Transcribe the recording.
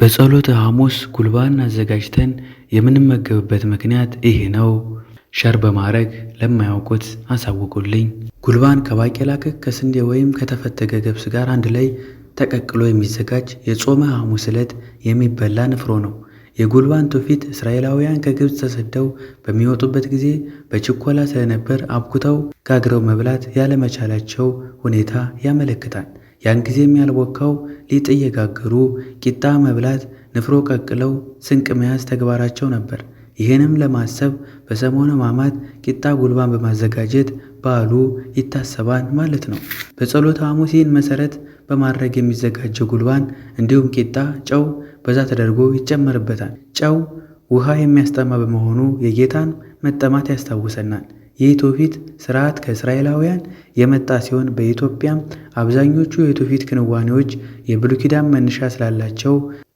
በጸሎተ ሐሙስ ጉልባን አዘጋጅተን የምንመገብበት ምክንያት ይሄ ነው። ሸር በማድረግ ለማያውቁት አሳውቁልኝ። ጉልባን ከባቄላ ክክ ከስንዴ ወይም ከተፈተገ ገብስ ጋር አንድ ላይ ተቀቅሎ የሚዘጋጅ የጾመ ሐሙስ ዕለት የሚበላ ንፍሮ ነው። የጉልባን ትውፊት እስራኤላውያን ከግብፅ ተሰደው በሚወጡበት ጊዜ በችኮላ ስለነበር አብኩተው ጋግረው መብላት ያለመቻላቸው ሁኔታ ያመለክታል። ያን ጊዜም ያልቦካው ሊጥ እየጋገሩ ቂጣ መብላት፣ ንፍሮ ቀቅለው ስንቅ መያዝ ተግባራቸው ነበር። ይህንም ለማሰብ በሰሞነ ሕማማት ቂጣ ጉልባን በማዘጋጀት በዓሉ ይታሰባል ማለት ነው። በጸሎተ ሐሙስ ይህን መሠረት በማድረግ የሚዘጋጀው ጉልባን እንዲሁም ቂጣ ጨው በዛ ተደርጎ ይጨመርበታል። ጨው ውሃ የሚያስጠማ በመሆኑ የጌታን መጠማት ያስታውሰናል። የኢቶፊት ስርዓት ከእስራኤላውያን የመጣ ሲሆን በኢትዮጵያም አብዛኞቹ የትውፊት ክንዋኔዎች የብሉይ ኪዳን መነሻ ስላላቸው